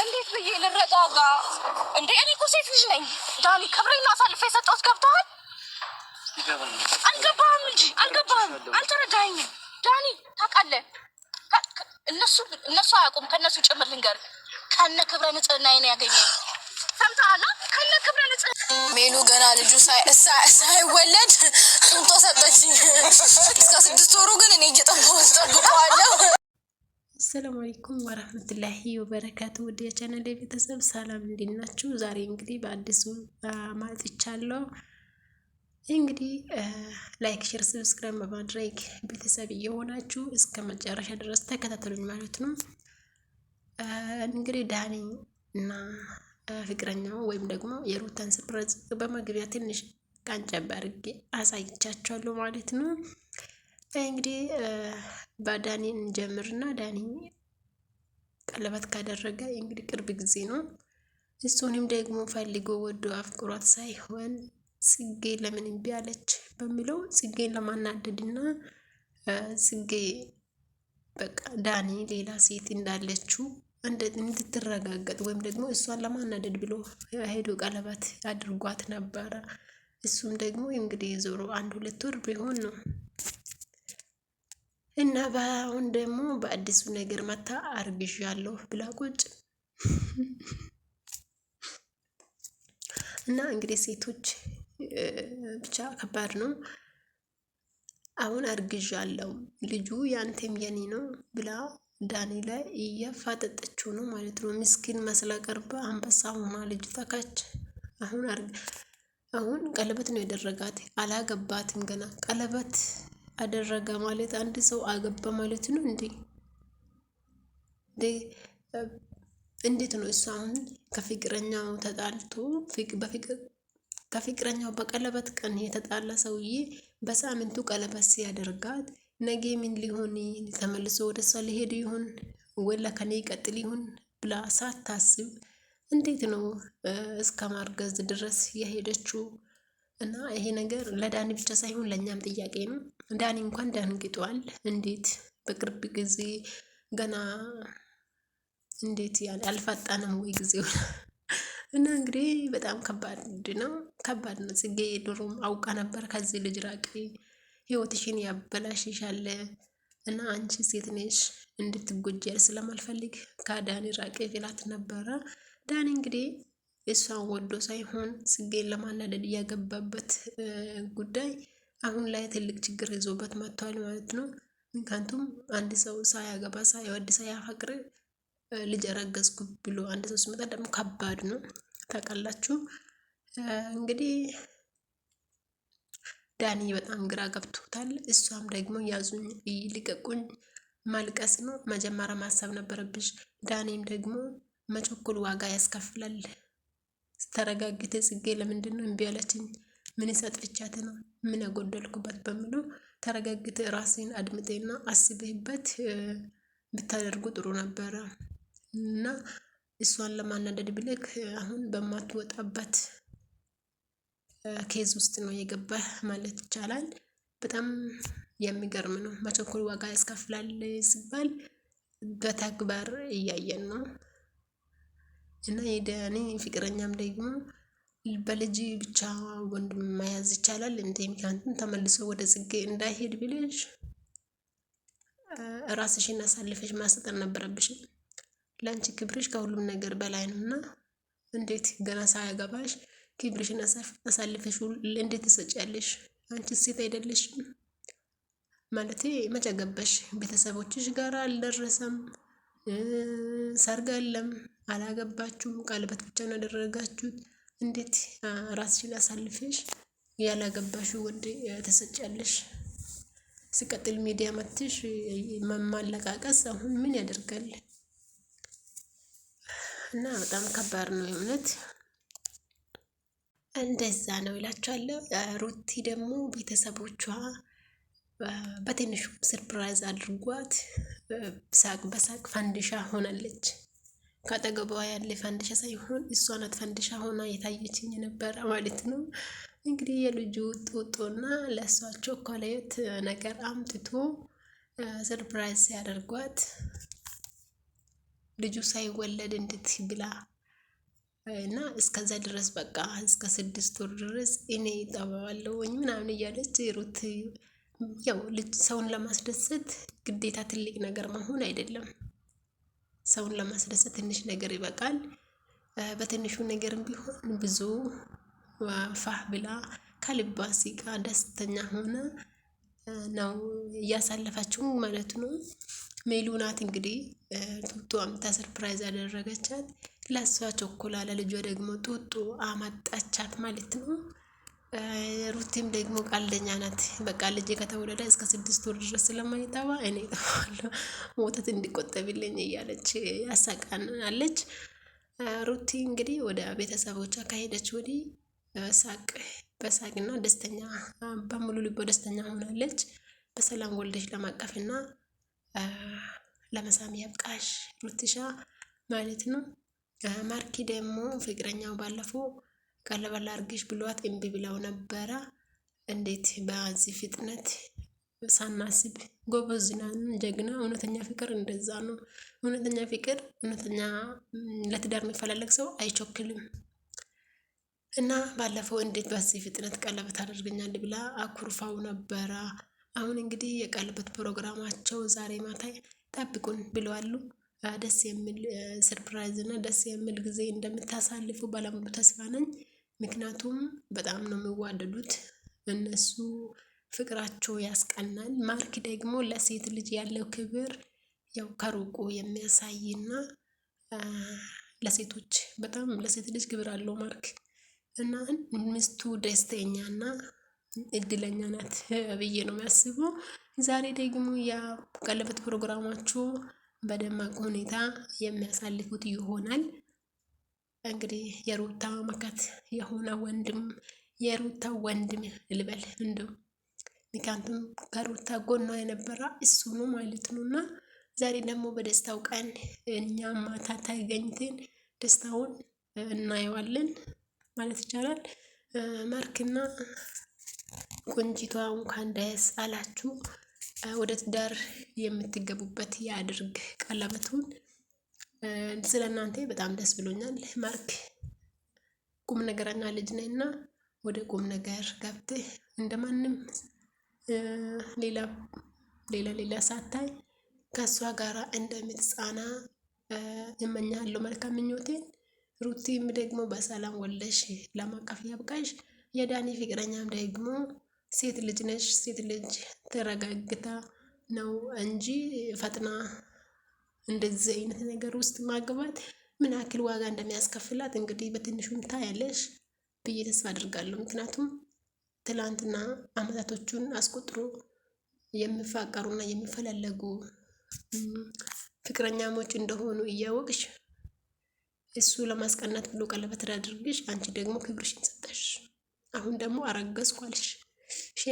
እንዴት ብዬ ልረጋጋ እንዴ? እኔ እኮ ሴት ልጅ ነኝ ዳኒ። ክብሬን አሳልፌ የሰጠሁት ገብተዋል። አልገባህም እንጂ አልገባህም፣ አልተረዳኸኝም ዳኒ። ታውቃለህ፣ እነሱ እነሱ አያውቁም። ከእነሱ ጭምር ልንገርህ፣ ከነ ክብረ ንጽህና ነው ያገኘኝ። ሰምተሃል? ከነ ክብረ ንጽህና ሜሉ ገና ልጁ ሳይወለድ ጡንቶ ሰጠችኝ። እስከ ስድስት ወሩ ግን እኔ እየጠበኩት ጠብቀዋለሁ። አሰላሙ አለይኩም ወራህመቱላሂ ወበረካቱ። ውድ የቻናል ቤተሰብ ሰላም እንዴት ናችሁ? ዛሬ እንግዲህ በአዲሱ ማጥቻለሁ። እንግዲህ ላይክ፣ ሼር፣ ሰብስክራይብ በማድረግ ቤተሰብ እየሆናችሁ እስከ መጨረሻ ድረስ ተከታተሉኝ ማለት ነው። እንግዲህ ዳኒ እና ፍቅረኛው ወይም ደግሞ የሩታን ሰርፕራይዝ በመግቢያ ትንሽ ቃንጨብ አድርጌ አሳይቻቸዋለሁ ማለት ነው። እንግዲህ በዳኒን እንጀምርና ዳኒ ቀለበት ካደረገ እንግዲህ ቅርብ ጊዜ ነው። እሱንም ደግሞ ፈልጎ ወዶ አፍቅሯት ሳይሆን ጽጌ ለምን እምቢ አለች በሚለው ጽጌን ለማናደድና ጽጌ በቃ ዳኒ ሌላ ሴት እንዳለችው እንድትረጋገጥ ወይም ደግሞ እሷን ለማናደድ ብሎ ሄዶ ቀለበት አድርጓት ነበረ። እሱም ደግሞ እንግዲህ ዞሮ አንድ ሁለት ወር ቢሆን ነው እና በአሁን ደግሞ በአዲሱ ነገር መታ አርግዣለሁ ብላ ቁጭ እና እንግዲህ ሴቶች ብቻ ከባድ ነው። አሁን አርግዣለሁ ልጁ ያንተም የኔ ነው ብላ ዳኒ ላይ እያፋጠጠችው ነው ማለት ነው። ምስኪን መስላ ቀርባ አንበሳ ሆና ልጅ ተካች። አሁን አሁን ቀለበት ነው ያደረጋት አላገባትም ገና ቀለበት አደረገ ማለት አንድ ሰው አገባ ማለት ነው እንዴ? እንዴት ነው እሱ አሁን ከፍቅረኛው ተጣልቶ ከፍቅረኛው በቀለበት ቀን የተጣላ ሰውዬ በሳምንቱ ቀለበት ሲያደርጋት ነገ ምን ሊሆን ተመልሶ ወደ እሷ ሊሄድ ይሆን ወላ ከኔ ይቀጥል ይሆን ብላ ሳታስብ እንዴት ነው እስከ ማርገዝ ድረስ የሄደችው? እና ይሄ ነገር ለዳኒ ብቻ ሳይሆን ለእኛም ጥያቄ ነው። ዳኒ እንኳን ደንግጧል። እንዴት በቅርብ ጊዜ ገና እንዴት ያለ አልፈጠነም ወይ ጊዜው? እና እንግዲህ በጣም ከባድ ነው፣ ከባድ ነው። ጽጌ ድሮም አውቃ ነበር። ከዚህ ልጅ ራቂ፣ ህይወትሽን ያበላሽሻል እና አንቺ ሴት ነሽ እንድትጎጂ ስለማልፈልግ ከዳኒ ራቂ ይላት ነበረ። ዳኒ እንግዲህ እሷን ወዶ ሳይሆን ጽጌን ለማናደድ እያገባበት ጉዳይ አሁን ላይ ትልቅ ችግር ይዞበት መጥቷል ማለት ነው። ምክንያቱም አንድ ሰው ሳያገባ ሳይወድ ሳያፈቅር ልጅ ረገዝኩ ብሎ አንድ ሰው ሲመጣ ደግሞ ከባድ ነው ታውቃላችሁ። እንግዲህ ዳኒ በጣም ግራ ገብቶታል። እሷም ደግሞ ያዙኝ ልቀቁኝ ማልቀስ ነው መጀመሪያ ማሰብ ነበረብሽ። ዳኒም ደግሞ መቸኮል ዋጋ ያስከፍላል ስተረጋግተ ጽጌ ለምንድን ነው እምቢ ምን ሰጥፍቻት ነው? ምን ያጎደልኩበት? በሚሉ ተረጋግተ ራሴን አድምጤና አስቤበት ብታደርጉ ጥሩ ነበረ እና እሷን ለማናደድ ብልክ አሁን በማትወጣበት ኬዝ ውስጥ ነው የገባ ማለት ይቻላል። በጣም የሚገርም ነው። መቸኮል ዋጋ ያስከፍላል ሲባል በተግባር እያየን ነው። እና የዳኒ ፍቅረኛም ደግሞ በልጅ ብቻ ወንድ መያዝ ይቻላል እንደ ምክንያቱም ተመልሶ ወደ ጽጌ እንዳይሄድ ብልሽ ራስሽን አሳልፈሽ ማሰጥ አልነበረብሽም። ለአንቺ ክብርሽ ከሁሉም ነገር በላይ ነው እና እንዴት ገና ሳያገባሽ ክብርሽን አሳልፈሽ እንዴት ትሰጫለሽ? አንቺ ሴት አይደለሽም ማለት መቼ ገባሽ? ቤተሰቦችሽ ጋር አልደረሰም፣ ሰርግ አለም። አላገባችሁም፣ ቀለበት ብቻ ነው ያደረጋችሁት፣ እንዴት ራስሽን አሳልፈሽ ያላገባሽ ወንድ ተሰጫለሽ? ሲቀጥል ሚዲያ መትሽ ማለቃቀስ አሁን ምን ያደርጋል? እና በጣም ከባድ ነው የእውነት እንደዛ ነው ይላችኋለሁ። ሩቲ ደግሞ ቤተሰቦቿ በትንሹ ስርፕራይዝ አድርጓት ሳቅ በሳቅ ፋንዲሻ ሆናለች። ከአጠገቧ ያለ ፋንድሻ ሳይሆን እሷ ናት ፋንድሻ ሆና የታየችኝ ነበረ ማለት ነው። እንግዲህ የልጁ ጦጦና ለእሷ ቾኮሌት ነገር አምጥቶ ሰርፕራይዝ ያደርጓት ልጁ ሳይወለድ እንዴት ብላ እና እስከዛ ድረስ በቃ እስከ ስድስት ወር ድረስ እኔ ይጠባዋለሁኝ ምናምን እያለች ሩት ያው ልጅ ሰውን ለማስደሰት ግዴታ ትልቅ ነገር መሆን አይደለም። ሰውን ለማስደሰት ትንሽ ነገር ይበቃል። በትንሹ ነገርም ቢሆን ብዙ ፋህ ብላ ከልባ ሲቃ ደስተኛ ሆነ ነው እያሳለፈችው ማለት ነው። ሜሉናት እንግዲህ ጡጡ አምታ ሰርፕራይዝ ያደረገቻት ለሷ ቾኮላ ለልጇ ደግሞ ጡጡ አመጣቻት ማለት ነው። ሩቲም ደግሞ ቀልደኛ ናት። በቃ ልጄ ከተወለደ እስከ ስድስት ወር ድረስ ስለማይጠባ እኔ እጠባለሁ ወተት እንዲቆጠብልኝ እያለች ያሳቃናለች። ሩቲ እንግዲህ ወደ ቤተሰቦቿ ከሄደች ወዲህ ሳቅ በሳቅና ደስተኛ በሙሉ ልቦ ደስተኛ ሆናለች። በሰላም ወልደሽ ለማቀፍና ለመሳም ያብቃሽ ሩቲሻ ማለት ነው። ማርኪ ደግሞ ፍቅረኛው ባለፈው ቀለበት ላድርግሽ ብሏት እምቢ ብላው ነበረ። እንዴት በዚህ ፍጥነት ሳናስብ ጎበዝ ናን ጀግና። እውነተኛ ፍቅር እንደዛ ነው። እውነተኛ ፍቅር እውነተኛ ለትዳር የሚፈላለግ ሰው አይቾክልም። እና ባለፈው እንዴት በዚህ ፍጥነት ቀለበት አደርገኛል ብላ አኩርፋው ነበረ። አሁን እንግዲህ የቀለበት ፕሮግራማቸው ዛሬ ማታ ጠብቁን ብለዋሉ። ደስ የሚል ሰርፕራይዝ እና ደስ የሚል ጊዜ እንደምታሳልፉ ባለሙሉ ተስፋ ነኝ። ምክንያቱም በጣም ነው የሚዋደዱት እነሱ ፍቅራቸው ያስቀናል። ማርክ ደግሞ ለሴት ልጅ ያለው ክብር ያው ከሩቁ የሚያሳይና ለሴቶች በጣም ለሴት ልጅ ክብር አለው ማርክ እና ሚስቱ ና እድለኛ ናት ብዬ ነው የሚያስበው። ዛሬ ደግሞ የቀለበት ፕሮግራማቸው በደማቅ ሁኔታ የሚያሳልፉት ይሆናል እንግዲህ የሩታ መካት የሆነ ወንድም የሩታ ወንድም ልበል እንደው ምክንያቱም ከሩታ ጎኗ የነበረ እሱ ነው ማለት ነው። እና ዛሬ ደግሞ በደስታው ቀን እኛ ማታ ተገኝተን ደስታውን እናየዋለን ማለት ይቻላል። ማርክና ቆንጂቷ እንኳን ደስ አላችሁ። ወደ ትዳር የምትገቡበት ያድርግ ቀለበቱን ስለ እናንተ በጣም ደስ ብሎኛል። ማርክ ቁም ነገረኛ ልጅ ነኝ እና ወደ ቁም ነገር ገብተህ እንደማንም ሌላ ሌላ ሌላ ሳታይ ከእሷ ጋር እንደምትጻና እመኛለሁ። መልካም ምኞቴን። ሩቲም ደግሞ በሰላም ወለሽ ለማቀፍ ያብቃሽ። የዳኒ ፍቅረኛም ደግሞ ሴት ልጅ ነሽ። ሴት ልጅ ተረጋግታ ነው እንጂ ፈጥና እንደዚህ አይነት ነገር ውስጥ ማግባት ምን ያክል ዋጋ እንደሚያስከፍላት እንግዲህ በትንሹም ታያለሽ ብዬ ተስፋ አድርጋለሁ። ምክንያቱም ትላንትና አመታቶቹን አስቆጥሮ የሚፋቀሩና የሚፈላለጉ ፍቅረኛሞች እንደሆኑ እያወቅሽ እሱ ለማስቀናት ብሎ ቀለበት አድርግሽ፣ አንቺ ደግሞ ክብርሽን ሰጠሽ። አሁን ደግሞ አረገዝኩ አልሽ ሺ